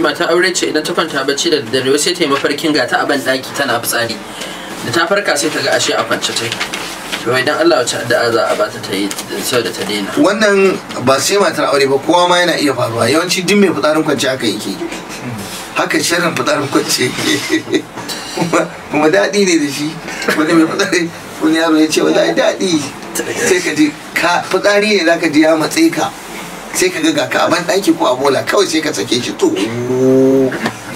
mata aure ce idan ta kwanta bacci da dare sai ta yi mafarkin gata a ban daki tana fitsari da ta farka sai ta ga ashe a kwance ta to idan Allah wacce da za a bata ta yi sau da ta daina wannan ba sai matar aure ba kowa ma yana iya faruwa yawanci duk mai fitsarin kwance aka yi ke? haka shirin fitsarin kwance kuma daɗi ne da shi wani mai fitsari wani yaro ya ce wani daɗi sai ka ji fitsari ne za ka ji ya matse ka sai ka ga ka a ban ko a bola kawai sai ka sake shi to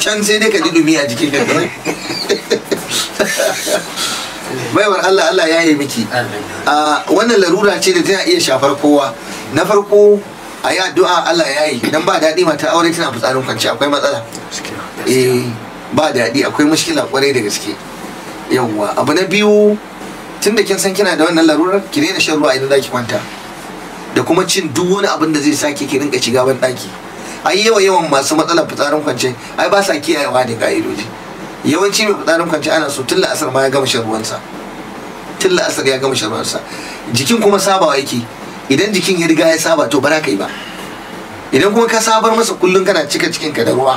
can sai dai ka ji dumi a jikin ka baiwar Allah Allah ya yi miki a ah, wannan larura ce da tana iya shafar kowa na farko a yi addu'a Allah ya yi dan ba daɗi mata aure tana fitsarin kwanci akwai matsala eh ba daɗi akwai mushkila kwarai da gaske yawwa abu na biyu tun da kin san kina da wannan larurar ki daina shan ruwa idan za ki kwanta da kuma cin duk wani abin da zai sake ki rinka shiga ban daki ai yawa yawan masu matsalar fitsarin kwance ai ba sa kiyayewa da ka'idoji yawanci mai fitsarin kwance ana so tun la'asar ma ya gama shan ruwansa tun la'asar ya gama shan jikin kuma sabawa yake idan jikin ya riga ya saba to ba za ka yi ba idan kuma ka sabar masa kullum kana cika cikin ka da ruwa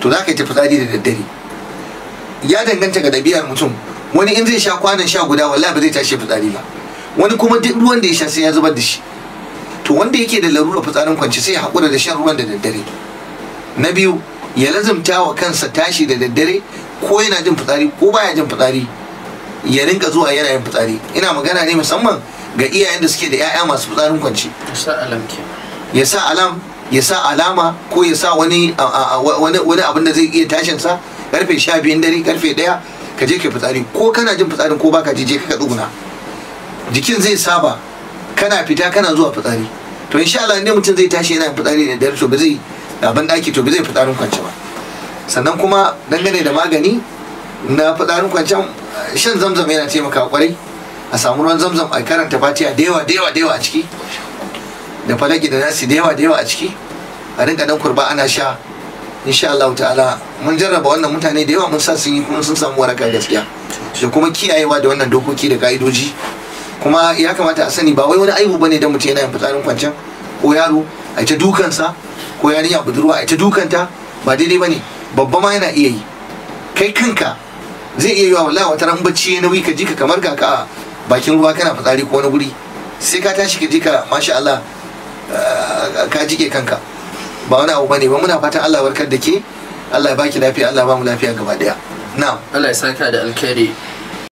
to za ka yi fitsari da daddare ya danganta ga ɗabi'ar mutum wani in zai sha kwanan sha guda wallahi ba zai tashi fitsari ba wani kuma duk ruwan da ya sha sai ya zubar da shi to wanda yake da larura fitsarin kwanci sai ya haƙura da shan ruwan da daddare na biyu ya lazumta wa kansa tashi da daddare ko yana jin fitsari ko baya jin fitsari ya rinka zuwa yana yin fitsari ina magana ne musamman ga iyayen da suke da 'ya'ya masu fitsarin kwanci ya sa alam ya sa alama ko ya sa wani wani abin da zai iya tashin sa karfe sha biyun dare karfe daya ka je ka fitsari ko kana jin fitsarin ko baka je je ka tsuguna jikin zai saba kana fita kana zuwa fitsari to insha Allah inda mutum zai tashi yana fitsari da dare to ba zai abin daki to ba zai fitsarin kwance ba sannan kuma dangane da magani na fitsarin kwancen shan zamzam yana taimakawa kwarai a samu ruwan zamzam a karanta Fati da yawa da yawa da yawa a ciki da falaki da nasi da yawa da yawa a ciki a rinka dan kurba ana sha insha Allah ta'ala mun jarraba wannan mutane da yawa mun sa sun yi kuma sun samu waraka gaskiya da kuma kiyayewa da wannan dokoki da ka'idoji kuma ya kamata a sani ba wai wani aibu bane da mutum yana yin fitsarin kwancen ko yaro a ita dukansa ko yarinya budurwa a ita dukanta ba daidai bane babba ma yana iya yi kai kanka zai iya yiwa wallahi wata ran bacci ya nauyi ka ji ka kamar kaka bakin ruwa kana fitsari ko wani guri sai ka tashi ka ji ka masha Allah eh, ka jike kanka ba wani abu bane ba muna fatan Allah warkar da ke Allah ya baki lafiya Allah ya ba mu lafiya gaba daya na'am Allah ya saka da alkhairi